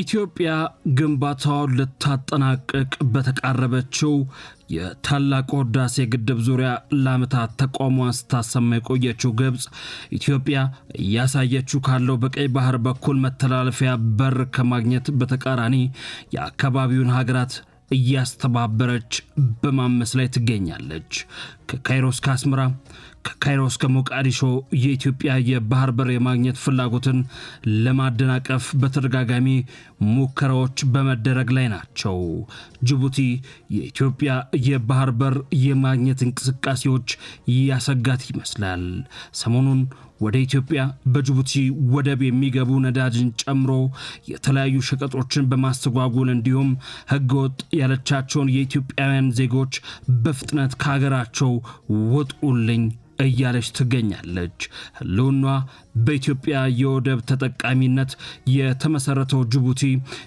ኢትዮጵያ ግንባታውን ልታጠናቅቅ በተቃረበችው የታላቁ ህዳሴ ግድብ ዙሪያ ለዓመታት ተቃውሟን ስታሰማ የቆየችው ግብፅ ኢትዮጵያ እያሳየችው ካለው በቀይ ባህር በኩል መተላለፊያ በር ከማግኘት በተቃራኒ የአካባቢውን ሀገራት እያስተባበረች በማመስ ላይ ትገኛለች። ከካይሮ እስከ አስመራ፣ ከካይሮ እስከ ሞቃዲሾ የኢትዮጵያ የባህር በር የማግኘት ፍላጎትን ለማደናቀፍ በተደጋጋሚ ሙከራዎች በመደረግ ላይ ናቸው። ጅቡቲ የኢትዮጵያ የባህር በር የማግኘት እንቅስቃሴዎች ያሰጋት ይመስላል። ሰሞኑን ወደ ኢትዮጵያ በጅቡቲ ወደብ የሚገቡ ነዳጅን ጨምሮ የተለያዩ ሸቀጦችን በማስተጓጎል እንዲሁም ህገወጥ ያለቻቸውን የኢትዮጵያውያን ዜጎች በፍጥነት ከሀገራቸው ወጡልኝ እያለች ትገኛለች። ህልውኗ በኢትዮጵያ የወደብ ተጠቃሚነት የተመሰረተው ጅቡቲ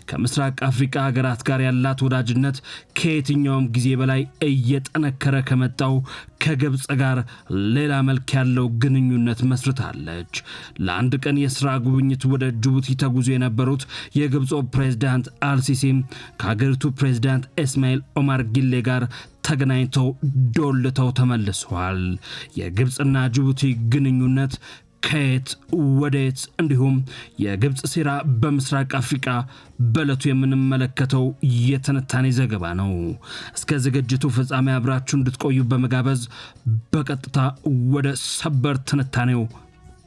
ከምስራቅ አፍሪካ ሀገራት ጋር ያላት ወዳጅነት ከየትኛውም ጊዜ በላይ እየጠነከረ ከመጣው ከግብፅ ጋር ሌላ መልክ ያለው ግንኙነት መስርታለች። ለአንድ ቀን የሥራ ጉብኝት ወደ ጅቡቲ ተጉዞ የነበሩት የግብፁ ፕሬዝዳንት አልሲሲም ከሀገሪቱ ፕሬዝዳንት እስማኤል ኦማር ጊሌ ጋር ተገናኝተው ዶልተው ተመልሰዋል። የግብፅና ጅቡቲ ግንኙነት ከየት ወደየት እንዲሁም የግብፅ ሴራ በምስራቅ አፍሪቃ በዕለቱ የምንመለከተው የትንታኔ ዘገባ ነው። እስከ ዝግጅቱ ፍጻሜ አብራችሁ እንድትቆዩ በመጋበዝ በቀጥታ ወደ ሰበር ትንታኔው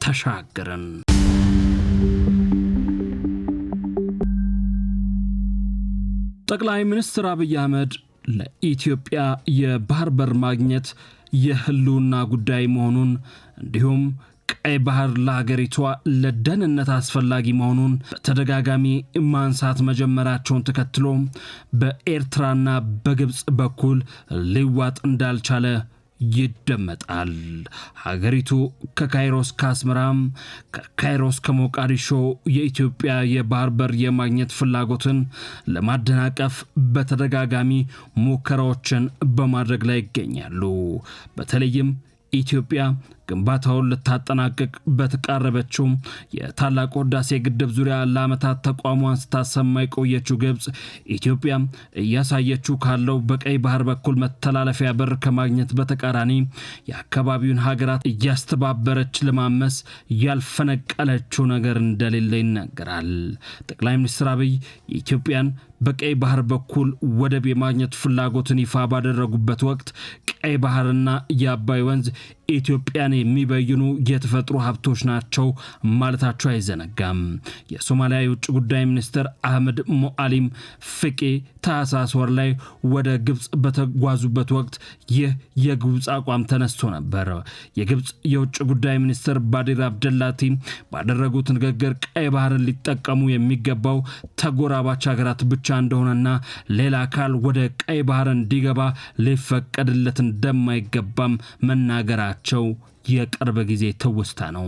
ተሻገርን። ጠቅላይ ሚኒስትር አብይ አህመድ ለኢትዮጵያ የባህር በር ማግኘት የህልውና ጉዳይ መሆኑን እንዲሁም ቀይ ባህር ለሀገሪቷ ለደህንነት አስፈላጊ መሆኑን በተደጋጋሚ ማንሳት መጀመራቸውን ተከትሎ በኤርትራና በግብፅ በኩል ሊዋጥ እንዳልቻለ ይደመጣል። ሀገሪቱ ከካይሮስ ከአስመራም፣ ከካይሮስ ከሞቃዲሾ የኢትዮጵያ የባህር በር የማግኘት ፍላጎትን ለማደናቀፍ በተደጋጋሚ ሙከራዎችን በማድረግ ላይ ይገኛሉ። በተለይም ኢትዮጵያ ግንባታውን ልታጠናቅቅ በተቃረበችው የታላቁ ህዳሴ ግድብ ዙሪያ ለዓመታት ተቋሟን ስታሰማ የቆየችው ግብፅ ኢትዮጵያ እያሳየችው ካለው በቀይ ባህር በኩል መተላለፊያ በር ከማግኘት በተቃራኒ የአካባቢውን ሀገራት እያስተባበረች ለማመስ ያልፈነቀለችው ነገር እንደሌለ ይናገራል። ጠቅላይ ሚኒስትር አብይ የኢትዮጵያን በቀይ ባህር በኩል ወደብ የማግኘት ፍላጎትን ይፋ ባደረጉበት ወቅት ቀይ ባህርና የአባይ ወንዝ ኢትዮጵያን የሚበይኑ የተፈጥሮ ሀብቶች ናቸው ማለታቸው አይዘነጋም። የሶማሊያ የውጭ ጉዳይ ሚኒስትር አህመድ ሞአሊም ፍቄ ታህሳስ ወር ላይ ወደ ግብፅ በተጓዙበት ወቅት ይህ የግብፅ አቋም ተነስቶ ነበር። የግብፅ የውጭ ጉዳይ ሚኒስትር ባዲር አብደላቲ ባደረጉት ንግግር ቀይ ባህርን ሊጠቀሙ የሚገባው ተጎራባች ሀገራት ብቻ እንደሆነና ሌላ አካል ወደ ቀይ ባህር እንዲገባ ሊፈቀድለት እንደማይገባም መናገራቸው የነበራቸው የቅርብ ጊዜ ትውስታ ነው።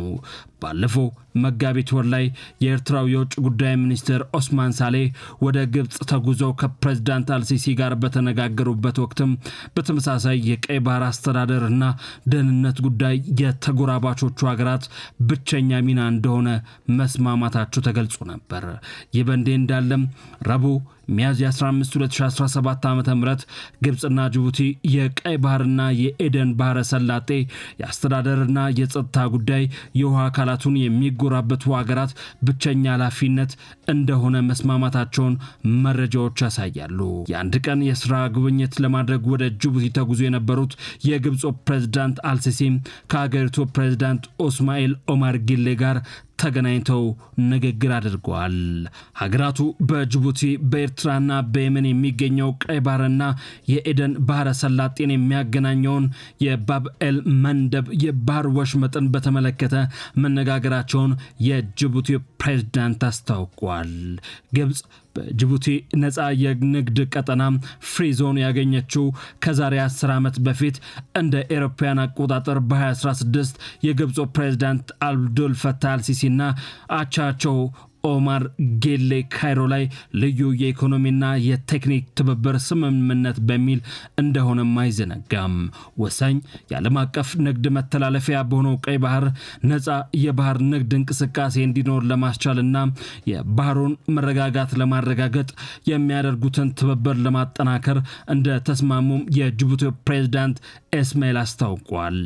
ባለፈው መጋቢት ወር ላይ የኤርትራው የውጭ ጉዳይ ሚኒስትር ኦስማን ሳሌህ ወደ ግብፅ ተጉዘው ከፕሬዝዳንት አልሲሲ ጋር በተነጋገሩበት ወቅትም በተመሳሳይ የቀይ ባህር አስተዳደርና ደህንነት ጉዳይ የተጎራባቾቹ ሀገራት ብቸኛ ሚና እንደሆነ መስማማታቸው ተገልጾ ነበር። ይህ በእንዲህ እንዳለም ረቡዕ ሚያዝያ 15 2017 ዓ ም ግብፅና ጅቡቲ የቀይ ባህርና የኤደን ባህረ ሰላጤ የአስተዳደርና የጸጥታ ጉዳይ የውሃ አካላቱን የሚጎራበቱ ሀገራት ብቸኛ ኃላፊነት እንደሆነ መስማማታቸውን መረጃዎች ያሳያሉ። የአንድ ቀን የስራ ጉብኝት ለማድረግ ወደ ጅቡቲ ተጉዞ የነበሩት የግብፁ ፕሬዝዳንት አልሲሲም ከሀገሪቱ ፕሬዝዳንት ኦስማኤል ኦማር ጊሌ ጋር ተገናኝተው ንግግር አድርገዋል። ሀገራቱ በጅቡቲ በኤርትራና በየመን የሚገኘው ቀይ ባህርና የኤደን ባህረ ሰላጤን የሚያገናኘውን የባብኤል መንደብ የባህር ወሽመጥን በተመለከተ መነጋገራቸውን የጅቡቲ ፕሬዝዳንት አስታውቋል። ግብፅ በጅቡቲ ነፃ የንግድ ቀጠና ፍሪ ዞን ያገኘችው ከዛሬ 10 ዓመት በፊት እንደ ኤሮፓያን አቆጣጠር በ2016 የግብፁ ፕሬዚዳንት አብዱል ፈታህ አልሲሲና አቻቸው ኦማር ጌሌ ካይሮ ላይ ልዩ የኢኮኖሚና የቴክኒክ ትብብር ስምምነት በሚል እንደሆነም አይዘነጋም። ወሳኝ የዓለም አቀፍ ንግድ መተላለፊያ በሆነው ቀይ ባህር ነፃ የባህር ንግድ እንቅስቃሴ እንዲኖር ለማስቻልና የባህሩን መረጋጋት ለማረጋገጥ የሚያደርጉትን ትብብር ለማጠናከር እንደ ተስማሙም የጅቡቲ ፕሬዚዳንት ኤስማኤል አስታውቋል።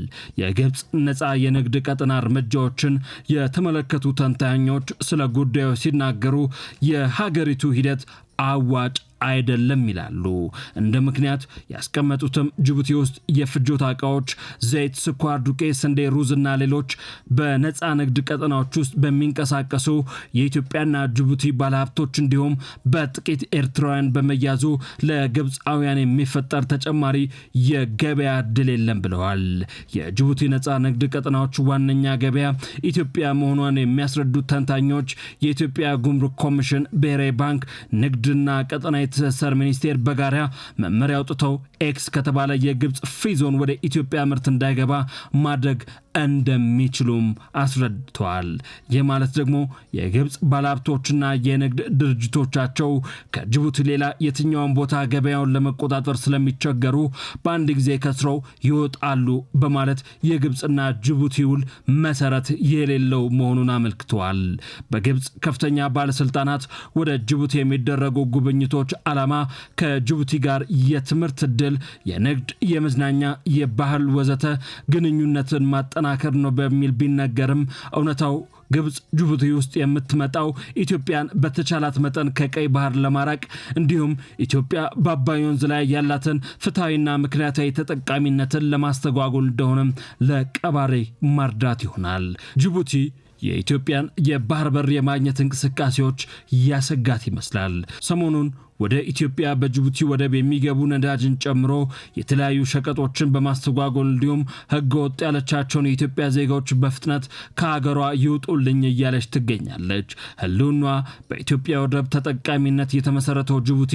የግብፅ ነፃ የንግድ ቀጠና እርምጃዎችን የተመለከቱ ተንታኞች ስለ ጉዳዩ ሲናገሩ የሀገሪቱ ሂደት አዋጭ አይደለም ይላሉ። እንደ ምክንያት ያስቀመጡትም ጅቡቲ ውስጥ የፍጆታ እቃዎች ዘይት፣ ስኳር፣ ዱቄት፣ ስንዴ፣ እና ሌሎች በነፃ ንግድ ቀጠናዎች ውስጥ በሚንቀሳቀሱ የኢትዮጵያና ጅቡቲ ባለሀብቶች እንዲሁም በጥቂት ኤርትራውያን በመያዙ ለግብፃውያን የሚፈጠር ተጨማሪ የገበያ እድል የለም ብለዋል። የጅቡቲ ነፃ ንግድ ቀጠናዎች ዋነኛ ገበያ ኢትዮጵያ መሆኗን የሚያስረዱት ተንታኞች የኢትዮጵያ ጉምሩክ ኮሚሽን፣ ብሔራዊ ባንክ፣ ንግድና ቀጠና ትስስር ሚኒስቴር በጋራ መመሪያ አውጥተው ኤክስ ከተባለ የግብፅ ፍሪዞን ወደ ኢትዮጵያ ምርት እንዳይገባ ማድረግ እንደሚችሉም አስረድተዋል። ይህ ማለት ደግሞ የግብፅ ባለሀብቶችና የንግድ ድርጅቶቻቸው ከጅቡቲ ሌላ የትኛውን ቦታ ገበያውን ለመቆጣጠር ስለሚቸገሩ በአንድ ጊዜ ከስረው ይወጣሉ በማለት የግብፅና ጅቡቲ ውል መሰረት የሌለው መሆኑን አመልክተዋል። በግብፅ ከፍተኛ ባለስልጣናት ወደ ጅቡቲ የሚደረጉ ጉብኝቶች ዓላማ ከጅቡቲ ጋር የትምህርት ዕድል፣ የንግድ፣ የመዝናኛ፣ የባህል ወዘተ ግንኙነትን ማጠ ማጠናከር ነው በሚል ቢነገርም እውነታው ግብፅ ጅቡቲ ውስጥ የምትመጣው ኢትዮጵያን በተቻላት መጠን ከቀይ ባህር ለማራቅ እንዲሁም ኢትዮጵያ በአባይ ወንዝ ላይ ያላትን ፍትሐዊና ምክንያታዊ ተጠቃሚነትን ለማስተጓጎል እንደሆነም ለቀባሪ ማርዳት ይሆናል። ጅቡቲ የኢትዮጵያን የባህር በር የማግኘት እንቅስቃሴዎች ያሰጋት ይመስላል። ሰሞኑን ወደ ኢትዮጵያ በጅቡቲ ወደብ የሚገቡ ነዳጅን ጨምሮ የተለያዩ ሸቀጦችን በማስተጓጎል እንዲሁም ህገ ወጥ ያለቻቸውን የኢትዮጵያ ዜጋዎች በፍጥነት ከሀገሯ ይውጡልኝ እያለች ትገኛለች። ህልውኗ በኢትዮጵያ ወደብ ተጠቃሚነት የተመሰረተው ጅቡቲ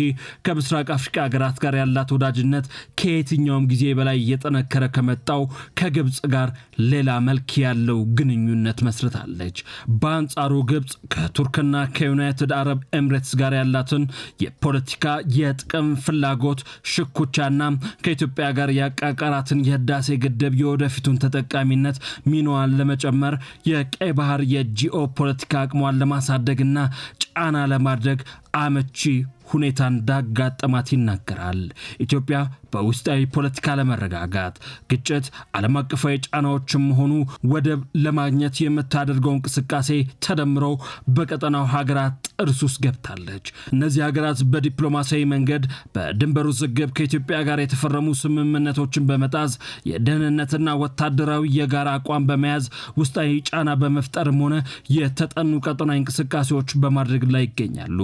ከምስራቅ አፍሪካ ሀገራት ጋር ያላት ወዳጅነት ከየትኛውም ጊዜ በላይ እየጠነከረ ከመጣው ከግብፅ ጋር ሌላ መልክ ያለው ግንኙነት መስርታለች። በአንጻሩ ግብፅ ከቱርክና ከዩናይትድ አረብ ኤምሬትስ ጋር ያላትን የፖ የፖለቲካ የጥቅም ፍላጎት ሽኩቻና ከኢትዮጵያ ጋር ያቃቃራትን የህዳሴ ግድብ የወደፊቱን ተጠቃሚነት ሚናዋን ለመጨመር የቀይ ባህር የጂኦ ፖለቲካ አቅሟን ለማሳደግና ጫና ለማድረግ አመቺ ሁኔታ እንዳጋጠማት ይናገራል። ኢትዮጵያ በውስጣዊ ፖለቲካ ለመረጋጋት ግጭት፣ ዓለም አቀፋዊ ጫናዎችም መሆኑ ወደብ ለማግኘት የምታደርገው እንቅስቃሴ ተደምረው በቀጠናው ሀገራት ጥርስ ውስጥ ገብታለች። እነዚህ ሀገራት በዲፕሎማሲያዊ መንገድ በድንበር ውዝግብ ከኢትዮጵያ ጋር የተፈረሙ ስምምነቶችን በመጣዝ የደህንነትና ወታደራዊ የጋራ አቋም በመያዝ ውስጣዊ ጫና በመፍጠርም ሆነ የተጠኑ ቀጠናዊ እንቅስቃሴዎች በማድረግ ላይ ይገኛሉ።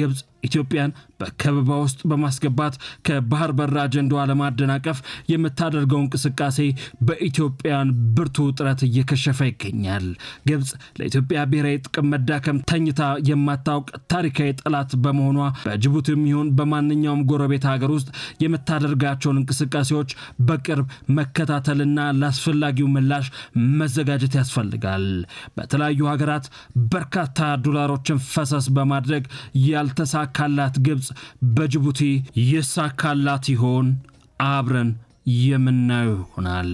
ግብፅ ኢትዮጵያን በከበባ ውስጥ በማስገባት ከባህር በራጀ አጀንዳዋ ለማደናቀፍ የምታደርገው እንቅስቃሴ በኢትዮጵያን ብርቱ ጥረት እየከሸፈ ይገኛል። ግብጽ ለኢትዮጵያ ብሔራዊ ጥቅም መዳከም ተኝታ የማታውቅ ታሪካዊ ጠላት በመሆኗ በጅቡቲ ይሁን በማንኛውም ጎረቤት ሀገር ውስጥ የምታደርጋቸውን እንቅስቃሴዎች በቅርብ መከታተልና ለአስፈላጊው ምላሽ መዘጋጀት ያስፈልጋል። በተለያዩ ሀገራት በርካታ ዶላሮችን ፈሰስ በማድረግ ያልተሳካላት ግብጽ በጅቡቲ ይሳካላት ይሆን? አብረን የምናየው ይሆናል።